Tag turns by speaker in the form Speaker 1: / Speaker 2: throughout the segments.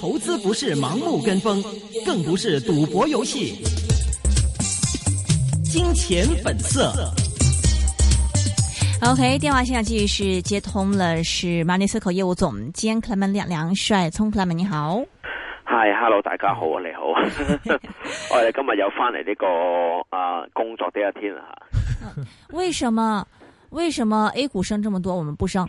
Speaker 1: 投資不是盲目跟風，更不是賭博遊戲。金錢本
Speaker 2: 色。OK，電話現在繼續是接通了，是 Money Circle 業務總監 Clayman 梁梁帥聰 Clayman 你好。
Speaker 1: Hi，Hello，大家好啊，你好。我 哋 今日又翻嚟呢個啊工作第一天啊。
Speaker 2: 為什麼？為什麼 A 股升這麼多，我們不升？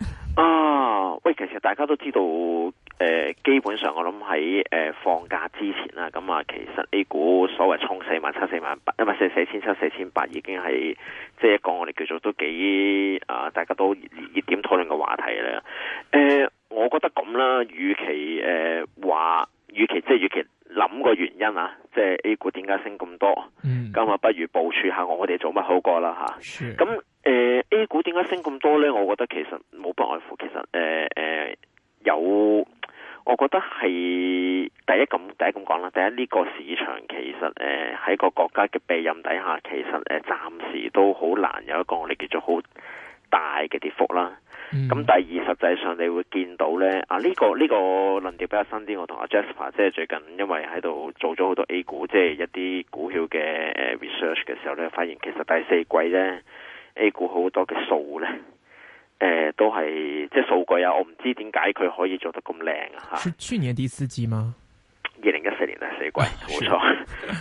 Speaker 1: 啊喂，其實大家都知道，誒、呃，基本上我諗喺誒放假之前啦，咁啊，其實 A 股所謂衝四萬七、四萬八，因為四四千七、四千八已經係即係一個我哋叫做都幾啊、呃，大家都熱點討論嘅話題啦。誒、呃，我覺得咁啦，與其誒話，與、呃、其即係與其諗個原因啊，即係 A 股點解升咁多，咁啊、mm. 嗯，不如部署下我哋做乜好過啦吓。咁、啊、誒 Sure.、呃、A 股點解升咁多咧？我覺得其實。個市場其實誒喺、呃、個國家嘅庇蔭底下，其實誒、呃、暫時都好難有一個我哋叫做好大嘅跌幅啦。咁、嗯、第二實際上你會見到咧，啊、呢、呢個呢、呢個論調比較新啲。我同阿 Jasper 即係最近因為喺度做咗好多 A 股即係一啲股票嘅誒 research 嘅時候咧，發現其實第四季咧 A 股好多嘅數咧誒、呃、都係即係數據啊！我唔知點解佢可以做得咁靚啊！吓，是去年第四季嗎？二零一四年啊，四季冇錯，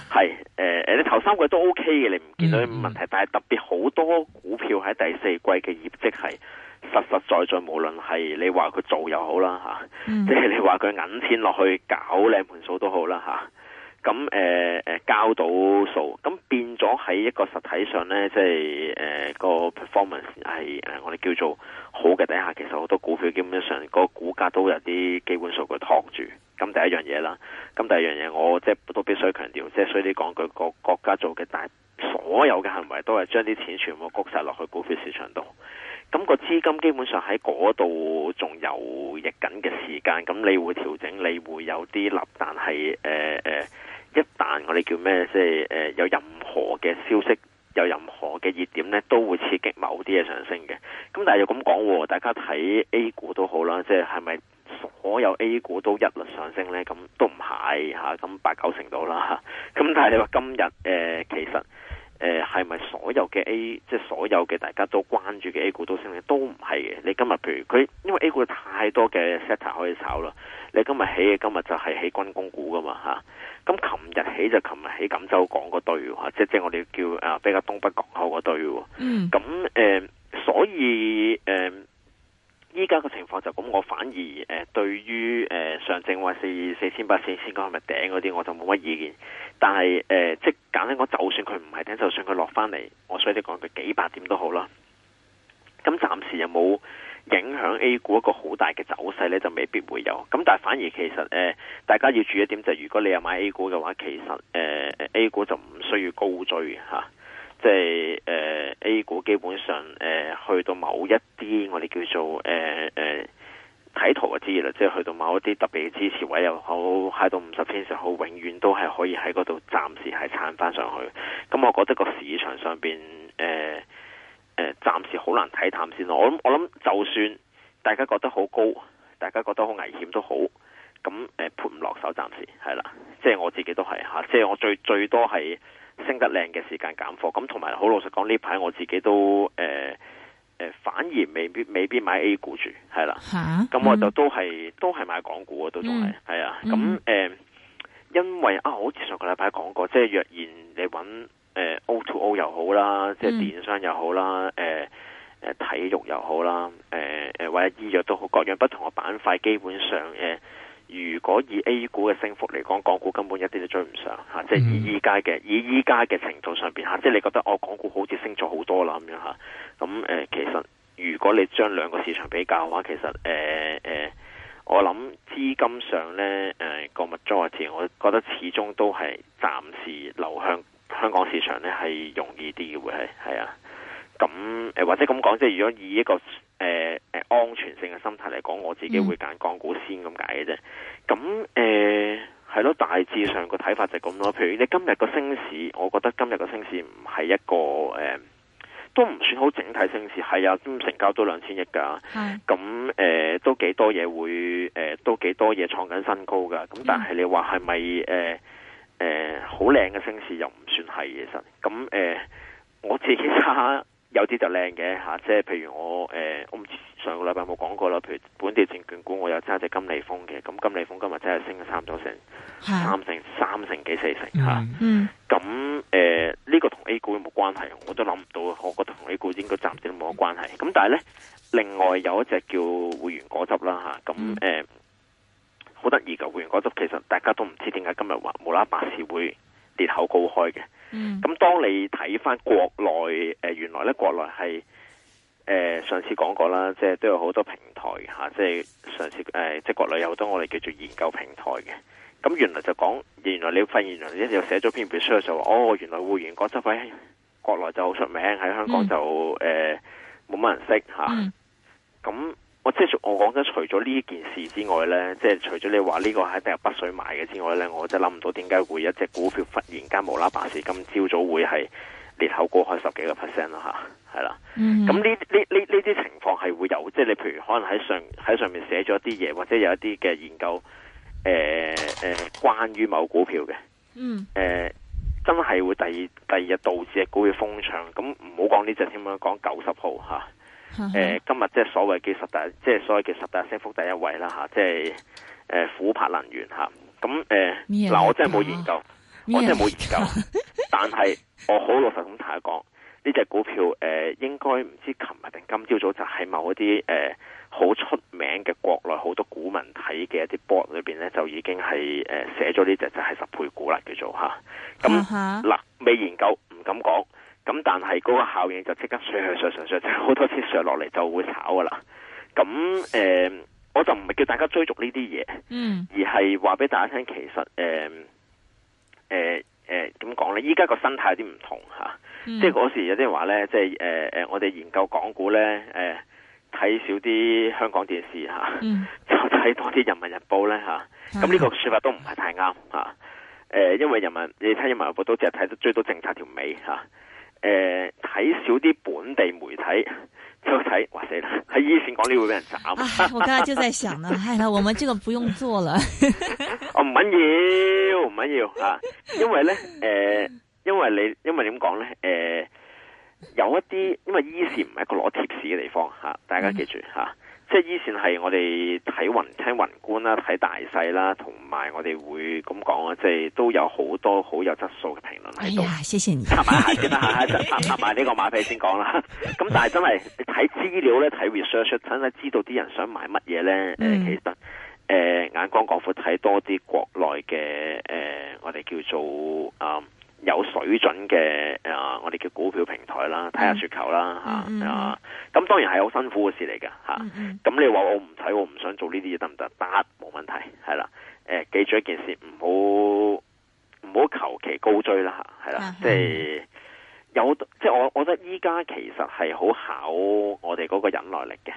Speaker 1: 係誒誒，你頭三個月都 OK 嘅，你唔見到啲問題，嗯、但係特別好多股票喺第四季嘅業績係實實在在，在，無論係你話佢做又好啦吓，即、啊、係、嗯、你話佢銀錢落去搞靚盤數都好啦吓，咁誒誒交到數，咁變咗喺一個實體上咧，即係誒個 performance 係誒我哋叫做好嘅底下，其實好多股票基本上個股價都有啲基本數據托住。咁第一樣嘢啦，咁第二樣嘢，我即係都必須強調，即係所以你講佢個國家做嘅，但所有嘅行為都係將啲錢全部焗晒落去股票市場度。咁個資金基本上喺嗰度仲有逆緊嘅時間，咁你會調整，你會有啲立，但係誒誒，一旦我哋叫咩，即係誒有任何嘅消息，有任何嘅熱點咧，都會刺激某啲嘅上升嘅。咁但係又咁講，大家睇 A 股都好啦，即係係咪？所有 A 股都一律上升咧，咁都唔係吓，咁、啊、八九成度啦。咁、啊、但係你話今日誒、呃，其實誒係咪所有嘅 A 即係所有嘅大家都關注嘅 A 股都升咧？都唔係嘅。你今日譬如佢，因為 A 股太多嘅 sector 可以炒啦。你今日起今日就係起軍工股噶嘛吓。咁琴日起就琴日起錦州港嗰對啊，即即係我哋叫啊比較東北港口嗰對、啊
Speaker 2: mm. 嗯。嗯。咁
Speaker 1: 誒，所以誒。我就咁，我反而誒對於誒上證話四四千八、四千九係咪頂嗰啲，我就冇乜意見。但係誒、呃，即係簡單講，就算佢唔係頂，就算佢落翻嚟，我所以你講佢幾百點都好啦。咁暫時有冇影響 A 股一個好大嘅走勢呢？就未必會有。咁但係反而其實誒、呃，大家要注意一點就係、是，如果你有買 A 股嘅話，其實誒、呃、A 股就唔需要高追嚇。啊即係誒、呃，A 股基本上誒、呃，去到某一啲我哋叫做誒誒，睇、呃呃、圖嘅知啦，即係去到某一啲特別嘅支持位又好，喺到五十天綫好，永遠都係可以喺嗰度暫時係撐翻上去。咁、嗯、我覺得個市場上邊誒誒，暫、呃呃、時好難睇淡先，我諗我諗，就算大家覺得好高，大家覺得好危險都好，咁誒，潑唔落手暫，暫時係啦。即係我自己都係吓，即係我最最多係。升得靚嘅時間減貨，咁同埋好老實講，呢排我自己都誒誒、呃呃，反而未必未必買 A 股住，係啦，咁哈我就都係都係買港股啊，都仲係係啊，咁誒、嗯呃，因為啊，好似上個禮拜講過，即係若然你揾誒、呃、O to O 又好啦，即係電商又好啦，誒誒、嗯呃、體育又好啦，誒、呃、誒或者醫藥都好，各樣不同嘅板塊，基本上誒。呃如果以 A 股嘅升幅嚟講，港股根本一啲都追唔上嚇、啊，即係依依家嘅，以依家嘅程度上邊嚇、啊，即係你覺得我港股好似升咗好多啦咁樣吓，咁、啊、誒、呃、其實如果你將兩個市場比較嘅話，其實誒誒、呃呃，我諗資金上咧個誒個 majority，我覺得始終都係暫時流向香港市場咧係容易啲嘅，會係，係啊，咁誒或者咁講，即係如果以一個。誒誒、呃，安全性嘅心態嚟講，我自己會揀港股先咁解嘅啫。咁誒係咯，大致上個睇法就咁咯。譬如你今日個升市，我覺得今日個升市唔係一個誒、呃，都唔算好整體升市。係啊，都成交都兩千億噶。咁誒都幾多嘢會誒，都幾多嘢創緊新高噶。咁但係你話係咪誒誒好靚嘅升市又唔算係嘅？實咁誒、呃，我自己睇有啲、啊、就靚嘅吓，即係譬如我誒、呃，我唔知上個禮拜冇講過啦，譬如本地證券股，我有揸隻金利豐嘅，咁、嗯、金利豐今日真係升咗差唔多成、三成、三成幾四成吓。咁、啊、誒，呢、啊嗯呃這個同 A 股有冇關係？我都諗唔到，我覺得同 A 股應該暫時都冇關係。咁、嗯、但係呢，另外有一隻叫匯源果汁啦吓，咁、啊、誒，好得意嘅匯源果汁，其實大家都唔知點解今日話無啦啦百事會裂口高開嘅。咁、嗯、當你睇翻國內誒、呃，原來咧國內係誒，上次講過啦，即係都有好多平台吓、啊，即係上次誒、呃，即係國內有好多我哋叫做研究平台嘅。咁、啊、原來就講，原來你發現原來你寫一有寫咗篇篇書就話，哦，原來會員國執位，國內就好出名，喺香港就誒冇乜人識吓。咁、啊啊嗯嗯我即係我講真，除咗呢件事之外呢，即係除咗你話呢個係踏入北水買嘅之外呢，我真諗唔到點解會一隻股票忽然間無啦啦，咁今朝早會係裂口，過開十幾個 percent 咯吓，係啦。咁呢呢呢啲情況係會有，即係你譬如可能喺上喺上面寫咗啲嘢，或者有一啲嘅研究，誒、呃、誒、呃，關於某股票嘅，嗯、
Speaker 2: mm，
Speaker 1: 誒、hmm. 呃，真係會第二第二日導致隻股票瘋漲，咁唔好講呢隻添啦，講九十號吓。啊誒，今日即係所謂嘅十大，即、就、係、是、所謂嘅十大升幅第一位啦吓，即係誒琥珀能源吓，咁誒嗱，啊、我真係冇研究，我真係冇研究， 但係我好老實咁同你講，呢隻股票誒、啊、應該唔知琴日定今朝早就係某一啲誒好出名嘅國內好多股民睇，嘅一啲 board 裏邊咧就已經係誒寫咗呢隻就係、是、十倍股啦叫做吓，咁嗱未研究唔敢講。咁但係嗰個效應就即刻上上上上上，好多次上落嚟就會炒噶啦。咁誒、呃，我就唔係叫大家追逐呢啲嘢，嗯，而係話俾大家聽，其實誒誒誒，呃呃呃、點講咧？依家個生態有啲唔同吓，即係嗰時有啲話咧，即係誒誒，我哋研究港股咧，誒睇少啲香港電視吓，啊嗯、 就睇多啲人民日報咧吓。咁、啊、呢個說法都唔係太啱吓。誒、啊啊，因為人民日報你睇人民日報都只係睇到追到政策條尾吓。啊誒，睇、呃、少啲本地媒體，就睇，哇死啦！喺醫事講你會俾人斬，啊。我剛才就在想
Speaker 2: 呢， 哎呀，我們這個不用做了。
Speaker 1: 哦唔緊要，唔緊要啊，因為咧，誒、呃，因為你，因為點講咧，誒、呃，有一啲，因為醫事唔係一個攞貼士嘅地方吓、啊，大家記住吓。嗯即係以前係我哋睇雲聽雲觀啦，睇大細啦，同埋我哋會咁講啊，即係都有好多好有質素嘅評
Speaker 2: 論喺度。哎呀，謝謝你拍埋下
Speaker 1: 先啦吓，拍拍埋呢個馬屁先講啦。咁 但係真係你睇資料咧，睇 research，真係知道啲人想買乜嘢咧。誒、嗯，其實誒、呃、眼光廣闊，睇多啲國內嘅誒，我哋叫做啊。嗯有水準嘅啊，我哋叫股票平台啦，睇下雪球啦吓，咁、啊 mm hmm. 啊、當然係好辛苦嘅事嚟嘅嚇。咁、啊 mm hmm. 你話我唔睇，我唔想做呢啲嘢，得唔得？得，冇問題，係啦。誒、呃，記住一件事，唔好唔好求其高追啦嚇，係、mm hmm. 啦，即係、即係有即係我，我覺得依家其實係好考我哋嗰個忍耐力嘅。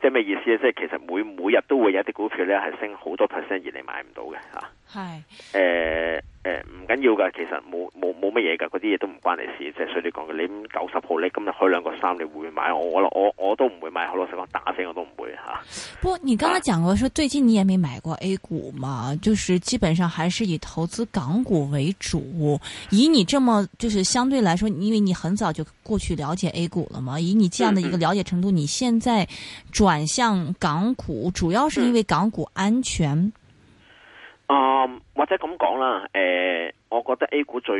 Speaker 1: 即係咩意思咧？即係其實每每日都會有啲股票咧係升好多 percent 而你買唔到嘅啊。
Speaker 2: 係
Speaker 1: 誒誒，唔緊要噶，其實冇冇冇乜嘢噶，嗰啲嘢都唔關你事。即係所以你講嘅，你九十號咧，今日開兩個三，你會唔會買？我我我我都唔會買，好老實講打死我都唔會吓。啊、
Speaker 2: 不過，你剛才講過說最近你也沒買過 A 股嘛？就是基本上還是以投資港股為主。以你這麼就是相對來說，因為你很早就過去了解 A 股了嘛，以你這樣的一個了解程度，你現在轉向港股，主要是因為港股安全。Mm hmm. 嗯
Speaker 1: 啊，uh, 或者咁講啦，誒、呃，我覺得 A 股最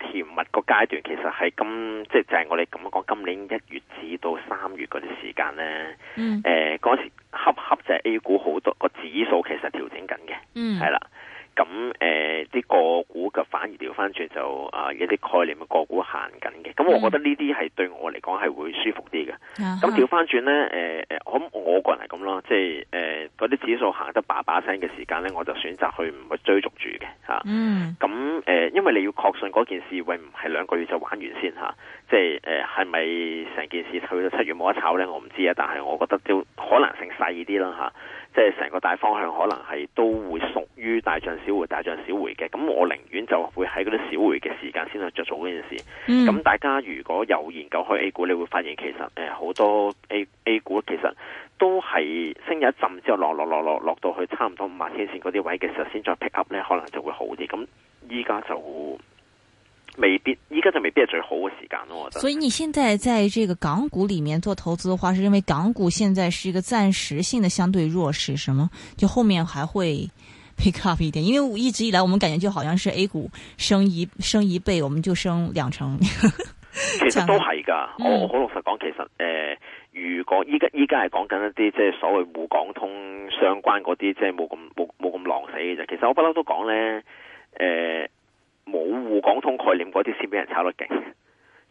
Speaker 1: 甜蜜個階段，其實係今即係就係、是、我哋咁樣講，今年一月至到三月嗰啲時間咧，誒、嗯，嗰、呃、時恰恰就係 A 股好多個指數其實調整緊嘅，係啦、嗯。咁誒啲個股嘅反而調翻轉就啊、呃、一啲概念嘅個股行緊嘅，咁我覺得呢啲係對我嚟講係會舒服啲嘅。咁調翻轉咧誒誒，我諗我個人係咁咯，即係誒嗰啲指數行得把把聲嘅時間咧，我就選擇去唔去追逐住嘅嚇。咁、啊、誒、嗯呃，因為你要確信嗰件事，會唔係兩個月就玩完先嚇、啊。即係誒，係咪成件事去到七月冇得炒咧？我唔知啊，但係我覺得都可能性細啲啦嚇。啊。即係成個大方向，可能係都會屬於大漲小回、大漲小回嘅。咁我寧願就會喺嗰啲小回嘅時間先去做嗰件事。咁、嗯、大家如果有研究開 A 股，你會發現其實誒好、呃、多 A A 股其實都係升咗一陣之後落落落落落到去差唔多五十天線嗰啲位嘅時候，先再 pick up 呢可能就會好啲。咁依家就。未必，依家就未必係最好嘅時間咯。我覺得。所
Speaker 2: 以你現在在這個港股裏面做投資嘅話，是認為港股現在是一個暫時性嘅相對弱勢，什麼就後面還會 pick up 一點？因爲一直以來，我們感覺就好像是 A 股升一升一倍，我們就升兩成。
Speaker 1: 其實都係噶，嗯、我好老實講，其實誒、呃，如果依家依家係講緊一啲即係所謂滬港通相關嗰啲，即係冇咁冇冇咁狼死嘅啫。其實我不嬲都講咧，誒、呃。冇滬港通概念嗰啲先俾人炒得勁，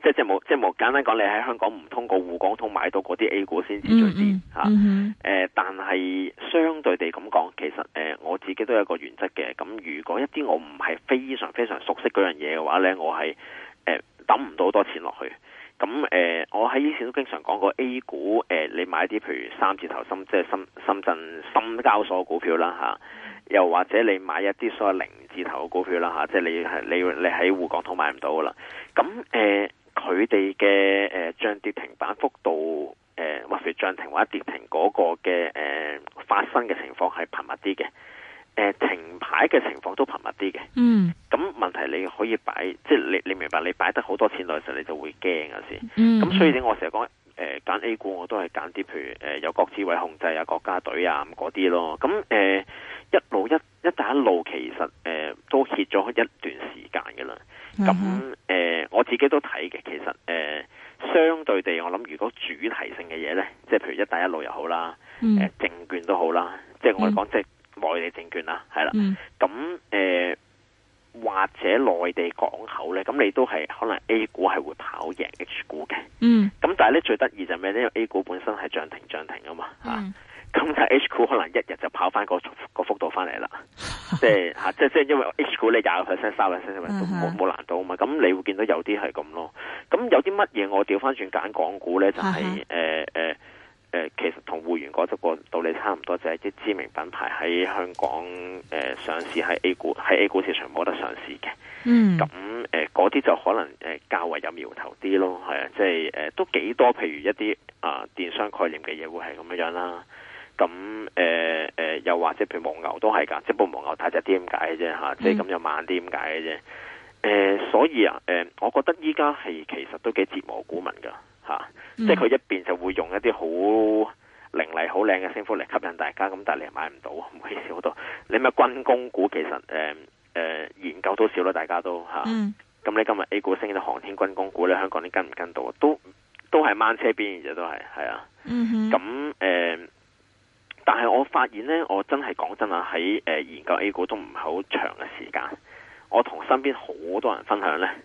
Speaker 1: 即係即係冇，即係冇。簡單講，你喺香港唔通過滬港通買到嗰啲 A 股，先至最抵吓。誒、嗯，啊、但係相對地咁講，其實誒、呃，我自己都有個原則嘅。咁如果一啲我唔係非常非常熟悉嗰樣嘢嘅話咧，我係誒抌唔到好多錢落去。咁誒、呃，我喺以前都經常講過 A 股誒、呃，你買啲譬如三字頭深，即係深深圳深交所股票啦嚇、啊，又或者你買一啲所謂零字頭嘅股票啦嚇、啊，即係你係你你喺滬港通買唔到嘅啦。咁、啊、誒，佢哋嘅誒漲跌停板幅度誒，或係漲停或者跌停嗰個嘅誒、呃、發生嘅情況係頻密啲嘅。誒、呃，停牌嘅情況都頻密啲嘅。嗯。咁問題你可以擺，即係你你明白，你擺得好多錢落去時候，你就會驚嘅先。嗯。咁所以咧、呃，我成日講，誒，揀 A 股我都係揀啲，譬如誒，由國資委控制啊，國家隊啊嗰啲咯。咁、呃、誒，一路一一帶一路其實誒、呃、都歇咗一段時間嘅啦。咁誒、嗯呃，我自己都睇嘅，其實誒、呃、相對地，我諗如果主題性嘅嘢咧，即係譬如一帶一路又好啦，誒、嗯，證券都好啦，即係我哋講即係是。內地證券啦，係啦，咁誒、嗯呃、或者內地港口咧，咁你都係可能 A 股係會跑贏 H 股嘅。嗯，咁但係咧最得意就係咩咧？因為 A 股本身係漲停漲停啊嘛，吓、嗯，咁、啊、但係 H 股可能一日就跑翻、那個、那個幅度翻嚟啦，即係吓，即係即係因為 H 股咧廿個 percent、三十 percent 都冇冇難度啊嘛，咁你會見到有啲係咁咯，咁有啲乜嘢我調翻轉揀港股咧就係誒誒。 誒、呃，其實同會員嗰隻個道理差唔多，就係、是、啲知名品牌喺香港誒、呃、上市喺 A 股喺 A 股市場冇得上市嘅。嗯，咁誒嗰啲就可能誒、呃、較為有苗頭啲咯，係啊，即係誒、呃、都幾多，譬如一啲啊、呃、電商概念嘅嘢會係咁樣樣啦。咁誒誒又或者譬如蒙牛都係噶、啊，即不過蒙牛大隻啲咁解嘅啫吓，即係咁又慢啲咁解嘅啫。
Speaker 2: 誒，
Speaker 1: 所以啊，誒、呃，我覺得依家係其實都幾折磨股民噶。吓，嗯、即係佢一邊就會用一啲好凌厲、好靚嘅升幅嚟吸引大家，咁但係你又買唔到，唔好意思好多。你咩軍工股，其實誒誒、呃呃、研究都少啦，大家都吓。
Speaker 2: 咁、
Speaker 1: 啊嗯、你今日 A 股升到航天軍工股，你香港你跟唔跟到車邊啊？都都係掹車邊嘅，都係係啊。咁、呃、誒，但係我發現咧，我真係講真啊，喺誒研究 A 股都唔係好長嘅時間，我同身邊好多人分享咧。嗯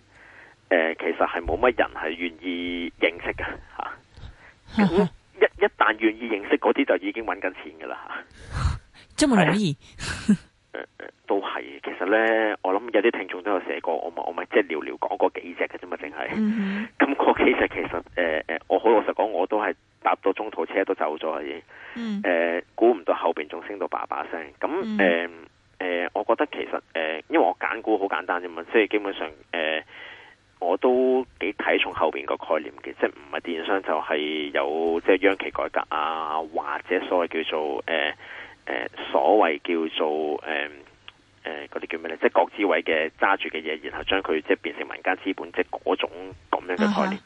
Speaker 1: 誒、呃，其實係冇乜人係願意認識嘅吓、啊。一一旦願意認識嗰啲，就已經揾緊錢噶啦吓。
Speaker 2: 即係可以？
Speaker 1: 都係。其實咧，我諗有啲聽眾都有寫過，我咪我咪即係寥寥講過幾隻嘅啫嘛，淨、啊、係。咁 嗰、嗯、哼幾隻其實，誒、呃、誒，我好老實講，我都係搭到中途車都走咗啦，已經、嗯。誒、呃，估唔到後邊仲升到爸爸聲。咁誒誒，我覺得其實誒、呃，因為我揀股好簡單啫嘛，即係基本上誒。.我都幾睇重後邊個概念嘅，即係唔係電商就係有即係央企改革啊，或者所謂叫做誒誒、呃、所謂叫做誒誒嗰啲叫咩咧？即係國資委嘅揸住嘅嘢，然後將佢即係變成民間資本，即係嗰種咁樣嘅概
Speaker 2: 念。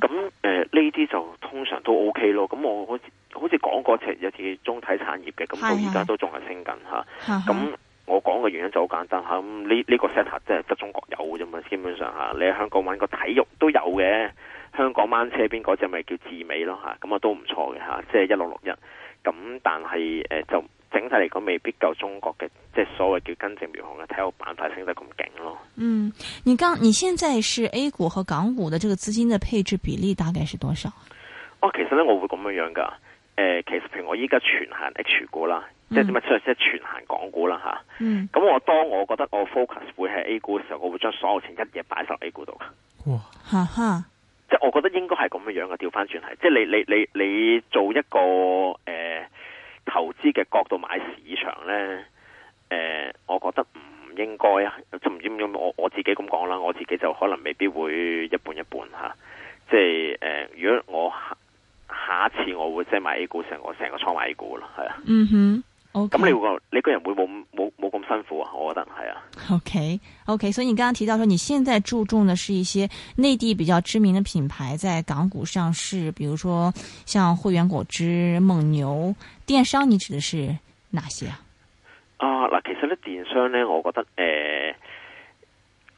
Speaker 2: 咁
Speaker 1: 誒呢啲就通常都 OK 咯。咁我好似好似講過，其實有隻中體產業嘅，咁到而家都仲係升緊吓。咁我講嘅原因就好簡單吓，呢呢、嗯，這個 set 即係得中國有嘅啫嘛，基本上吓，你喺香港玩個體育都有嘅，香港掹車邊嗰隻咪叫智美咯吓，咁啊、嗯、都唔錯嘅吓，即係一六六一，咁、就是嗯、但係誒、呃、就整體嚟講未必夠中國嘅，即係所謂叫根正苗紅嘅體育板塊升得咁勁咯。
Speaker 2: 嗯，你剛你現在是 A 股和港股的這個資金的配置比例大概是多少？
Speaker 1: 哦、啊，其實咧我會咁樣樣噶，誒、呃，其實譬如我依家全行 H 股啦。嗯、即係點啊？即係全行港股啦吓。咁我當我覺得我 focus 會係 A 股嘅時候，我會將所有錢一夜擺晒喺 A 股度。
Speaker 2: 哇
Speaker 1: 即係我覺得應該係咁樣樣嘅。調翻轉係，即係你你你你做一個誒、呃、投資嘅角度買市場咧，誒、呃，我覺得唔應該啊。唔知點解，我我自己咁講啦，我自己就可能未必會一半一半吓、啊。即係誒、呃，如果我下一次我會即係買 A 股成我成個倉買 A 股啦，係啊。嗯哼。咁你個你個人會冇冇冇咁辛苦啊？我覺得係啊。
Speaker 2: OK OK，所以你剛剛提到說你現在注重的是一些內地比較知名的品牌在港股上市，比如說像匯源果汁、蒙牛。電商你指的是哪些
Speaker 1: 啊？啊嗱，其實咧電商呢，我覺得誒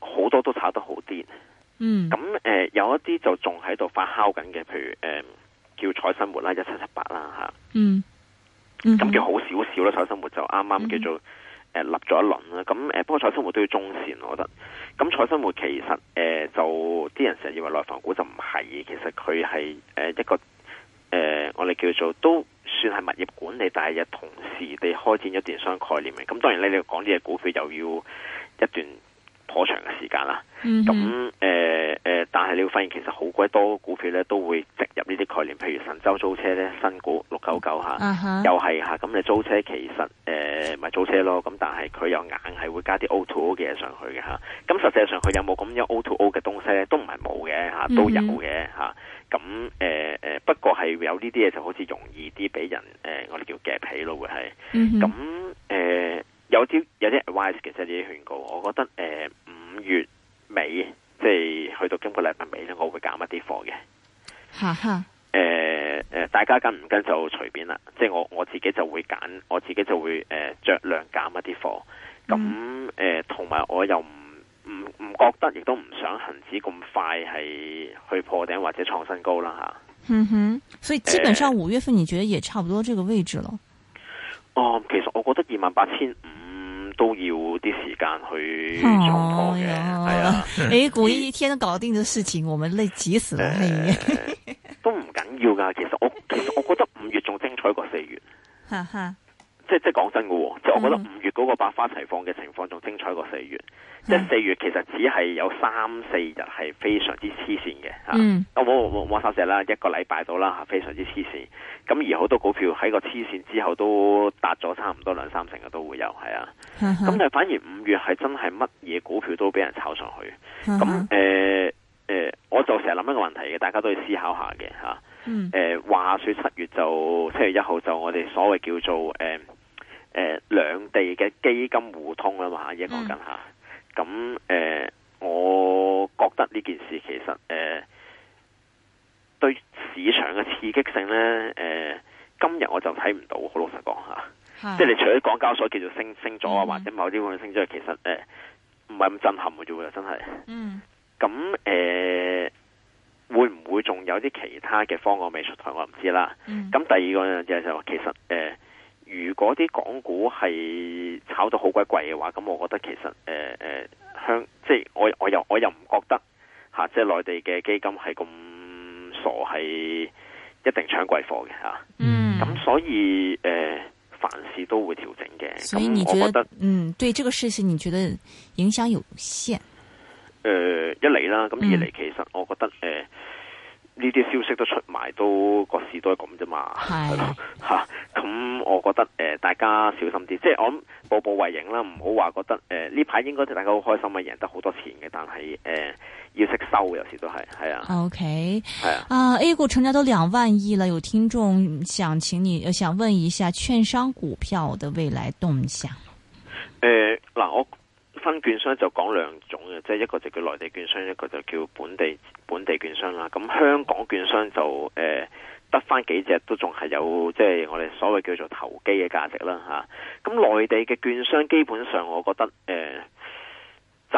Speaker 1: 好、呃、多都炒得好癲。
Speaker 2: 嗯。咁誒、
Speaker 1: 呃，有一啲就仲喺度發酵緊嘅，譬如誒、呃、叫彩生活啦、一七七八啦吓。啊、嗯。
Speaker 2: 咁、嗯、叫好
Speaker 1: 少少啦，彩生活就啱啱叫做誒、嗯哼呃、立咗一輪啦。咁誒、呃，不過彩生活都要中線，我覺得。咁彩生活其實誒、呃，就啲人成日以為內房股就唔係，其實佢係誒一個誒、呃，我哋叫做都算係物業管理，但係又同時地開展咗電商概念嘅。咁當然咧，你講啲嘢股票又要一段。好長嘅時間啦，咁誒誒，但係你會發現其實好鬼多股票咧都會植入呢啲概念，譬如神州租車咧新股六九九嚇，99，啊、哈又係嚇，咁你租車其實誒咪、呃、租車咯，咁但係佢又硬係會加啲 O2O 嘅嘢上去嘅嚇，咁實際上佢有冇咁樣 O2O 嘅東西咧，都唔係冇嘅嚇，都有嘅嚇，咁誒誒，不過係有呢啲嘢就好似容易啲俾人誒、呃，我哋叫 gap 起咯會係，咁誒、嗯哼嗯呃、有啲有啲 advice 其實即係啲勸告，我覺得誒。呃呃月尾即係去到今個禮拜尾咧，我會減一啲貨嘅。吓
Speaker 2: 吓，
Speaker 1: 誒誒，大家跟唔跟就隨便啦。即係我我自己就會減，我自己就會誒酌、呃、量減一啲貨。
Speaker 2: 咁、嗯、
Speaker 1: 誒、同、嗯、埋、嗯、我又唔唔唔覺得，亦都唔想恒指咁快係去破頂或者創新高啦吓。哼、
Speaker 2: 啊， 所以基本上五月份你覺得也差不多這個位置咯。
Speaker 1: 呃、哦，其實我覺得二萬八千五。都要啲時間去做
Speaker 2: 嘢，係、oh, yeah. 啊！你估 一天搞定嘅事情，我們累急死了係，呃、 都唔緊要
Speaker 1: 噶。其實我其實 我覺得五月仲精彩過四月，哈
Speaker 2: 哈
Speaker 1: 即係即係。真嘅，即係我覺得五月嗰個百花齊放嘅情況仲精彩過四月，即係四月其實只係有三四日係非常之黐線嘅吓，我我我收成啦，一個禮拜到啦吓，非常之黐線。咁而好多股票喺個黐線之後都達咗差唔多兩三成嘅都會有，係啊。咁但係反而五月係真係乜嘢股票都俾人炒上去。咁誒誒，我就成日諗一個問題嘅，大家都要思考下嘅吓。誒、啊呃，話說七月就七月一號就我哋所謂叫做誒。呃誒，兩地嘅基金互通啊嘛，而家講緊吓，咁誒、嗯嗯，我覺得呢件事其實誒、嗯，對市場嘅刺激性咧，誒、嗯，今日我就睇唔到，好老實講吓，
Speaker 2: 的即係你除咗
Speaker 1: 港交所叫做升升咗啊，或者某啲咁樣升咗，嗯、其實誒，唔係咁震撼嘅啫，真係。嗯。咁誒，會唔會仲有啲其他嘅方案未出台，我唔知啦、嗯就是。嗯。咁第二個樣嘢就其實誒。如果啲港股係炒到好鬼貴嘅話，咁我覺得其實誒誒，香、呃呃、即係我我又我又唔覺得吓、啊，即係內地嘅基金係咁傻，係一定搶貴貨嘅吓。啊、嗯，咁所以誒、呃，凡事都會調整嘅。所以你覺得，覺得
Speaker 2: 嗯，對這個事情你覺得影響有限？
Speaker 1: 誒、呃，一嚟啦，咁、啊、二嚟其實我覺得誒，呢、呃、啲消息都出埋都，都個市都係咁啫嘛。係吓、嗯。 啊啊咁、嗯、我覺得誒、呃，大家小心啲，即係我步步為營啦，唔好話覺得誒呢排應該就大家好開心啊，贏得好多錢嘅，但係誒、呃、要識收，有時都係係啊。OK，係啊。Uh, A
Speaker 2: 股成交都兩萬億啦，有聽眾想請你想問一下券商股票嘅未來動向。誒、
Speaker 1: 呃，嗱、呃，我分券商就講兩種嘅，即係一個就叫內地券商，一個就叫本地本地券商啦。咁香港券商就誒。呃得翻幾隻都仲係有，即係我哋所謂叫做投機嘅價值啦嚇。咁內地嘅券商基本上，我覺得誒，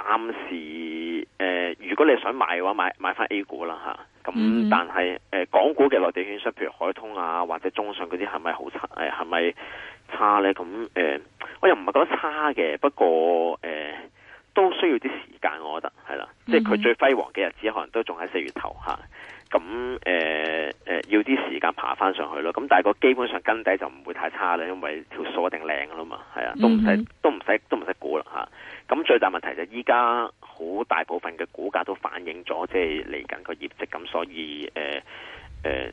Speaker 1: 暫時誒，如果你想買嘅話，買買翻 A 股啦嚇。咁但係誒，港股嘅內地券商，譬如海通啊，或者中信嗰啲，係咪好差？誒，係咪差咧？咁誒，我又唔係覺得差嘅，不過誒，都需要啲時間，我覺得係啦。嗯、哼即係佢最輝煌嘅日子，可能都仲喺四月頭嚇。啊咁誒誒，要啲時間爬翻上去咯。咁但係個基本上根底就唔會太差啦，因為條數一定靚噶啦嘛，係啊，都唔使、嗯、哼都唔使都唔使估啦吓。咁、啊啊、最大問題就依家好大部分嘅股價都反映咗，即係嚟緊個業績咁，所以誒誒、呃呃，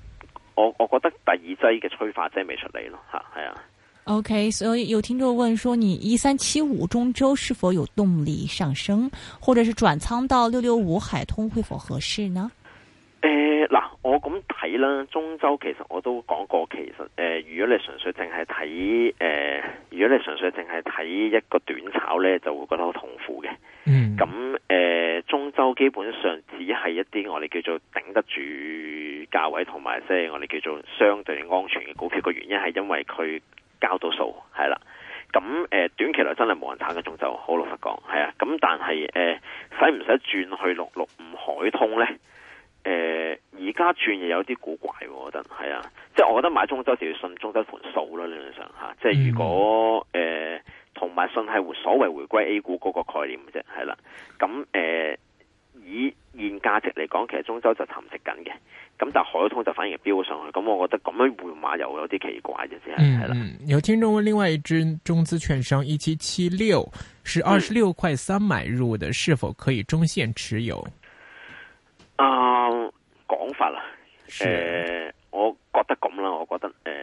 Speaker 1: 我我覺得第二劑嘅催化劑未出嚟咯吓，係啊。
Speaker 2: 啊 OK，所、so, 以有聽眾問說，你一三七五中州是否有動力上升，或者是轉倉到六六五海通會否合適呢？
Speaker 1: 我咁睇啦，中周其實我都講過，其實誒、呃，如果你純粹淨係睇誒，如果你純粹淨係睇一個短炒咧，就會覺得好痛苦嘅。嗯、mm.，咁、呃、誒，中周基本上只係一啲我哋叫做頂得住價位，同埋即係我哋叫做相對安全嘅股票。個原因係因為佢交到數，係啦。咁誒、呃，短期內真係冇人炒嘅中周，好老實講，係啊。咁但係誒，使唔使轉去六六五海通咧？誒，而家轉又有啲古怪，我覺得係啊，即係我覺得買中州就要信中州盤數啦，理論上吓，即係如果誒、嗯呃、同埋信係會所謂回歸 A 股嗰個概念嘅啫，係啦、啊，咁、嗯、誒以現價值嚟講，其實中州就沉寂緊嘅，咁但海通就反而飆上去，咁我覺得咁樣回買又有啲奇怪嘅先。係啦、啊啊嗯。有聽眾問，另外一支中資券商一七七六是二十六塊三買入嘅，是否可以中線持有？嗯嗯啊，講法啦，誒、呃，我覺得咁啦，我覺得誒、呃，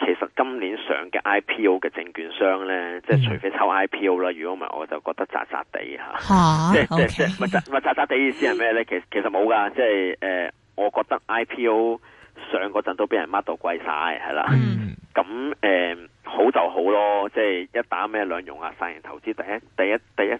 Speaker 1: 其實今年上嘅 I P O 嘅證券商咧，嗯、即係除非抽 I P O 啦，如果唔係，我就覺得渣渣地吓，即係即係，乜渣乜渣渣地意思係咩咧？其其實冇噶，即係誒，我覺得 I P O 上嗰陣都俾人抹到貴晒，係啦，咁誒、嗯呃、好就好咯，即係一打咩兩融啊，散人投資第一第一第一。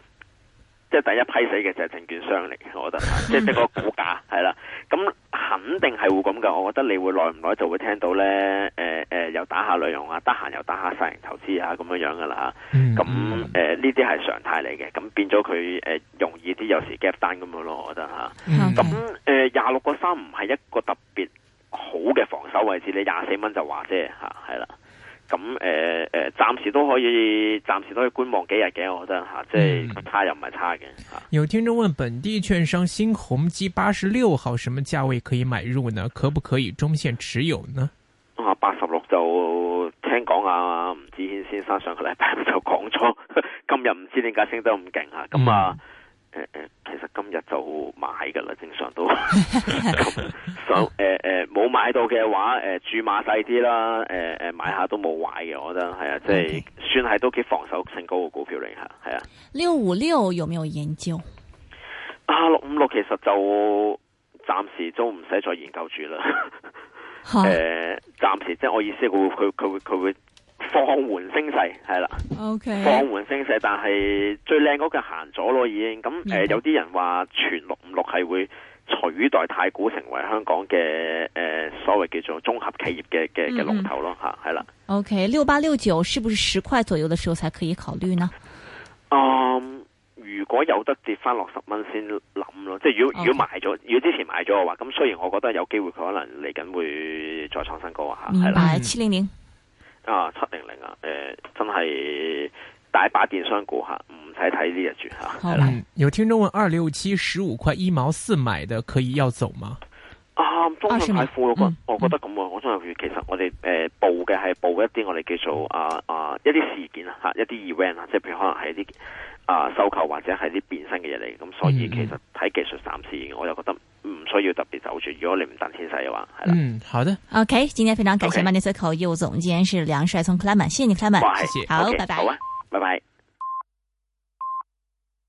Speaker 1: 即係第一批死嘅就係證券商嚟，我覺得，啊、即係個股價係啦，咁 肯定係會咁噶，我覺得你會耐唔耐就會聽到咧，誒、呃、誒、呃，又打下內容啊，得閒又打下私人投資啊，咁樣樣噶啦，咁誒呢啲係常態嚟嘅，咁變咗佢誒容易啲有時 gap 單咁樣咯，我覺得吓，咁誒廿六個三唔係一個特別好嘅防守位置，你廿四蚊就話啫吓，係、啊、啦。咁誒誒，暫時都可以，暫時都可以觀望幾日嘅，我覺得吓，即係差又唔係差嘅。有聽眾問，本地券商新鴻基八十六號，什麼價位可以買入呢？可唔可以中線持有呢？啊，八十六就聽講啊，吳志軒先生上個禮拜就講咗，今日唔知點解升得咁勁吓。咁啊，誒誒、呃呃，其實。冇、 so, 呃呃、買噶、呃、啦，正常都。咁，誒誒冇買到嘅話，誒注碼細啲啦。誒誒買下都冇壞嘅，我覺得係啊，即、就、係、是、算係都幾防守性高嘅股票嚟吓，係啊。
Speaker 2: 六五六有冇有研究？
Speaker 1: 啊，六五六其實就暫時都唔使再研究住啦。
Speaker 2: 誒，
Speaker 1: 暫、 呃、時即係我意思，佢佢佢會佢會。放緩升勢係啦，Okay. 放緩升勢，但係最靚嗰隻行咗咯，已經咁誒、呃 mm hmm. 呃，有啲人話全六五六係會取代太古成為香港嘅誒、呃、所謂叫做綜合企業嘅嘅嘅龍頭咯吓係啦。
Speaker 2: O K 六八六九是不是十塊左右嘅時候才可以考慮呢？
Speaker 1: 嗯，如果有得跌翻六十蚊先諗咯，即係如果如果買咗，Okay. 如果之前買咗嘅話，咁雖然我覺得有機會佢可能嚟緊會再創新高啊，係啦七零零。啊七零零啊，誒、呃、真係大把電商股吓，唔使睇呢日住吓。好啦吧，的有聽眾問二六七十五塊一毛四買嘅可以要走嗎？啊，中日買富我覺得咁啊，我中日佢其實我哋誒、呃、報嘅係報一啲我哋叫做啊啊一啲事件啊吓、呃，一啲 event 啊，即係譬如可能係一啲啊、呃、收購或者係啲變身嘅嘢嚟，咁所以其實睇技術暫時我又覺得。唔需要特別走住，如果你唔等天使嘅話，係啦。嗯，好的
Speaker 2: ，OK，今天非常感謝 Money Circle 業務總監是梁帥聰 c l e m e n 謝謝你 c l e m e n 好，拜拜 Okay, bye。好啊，
Speaker 1: 拜拜。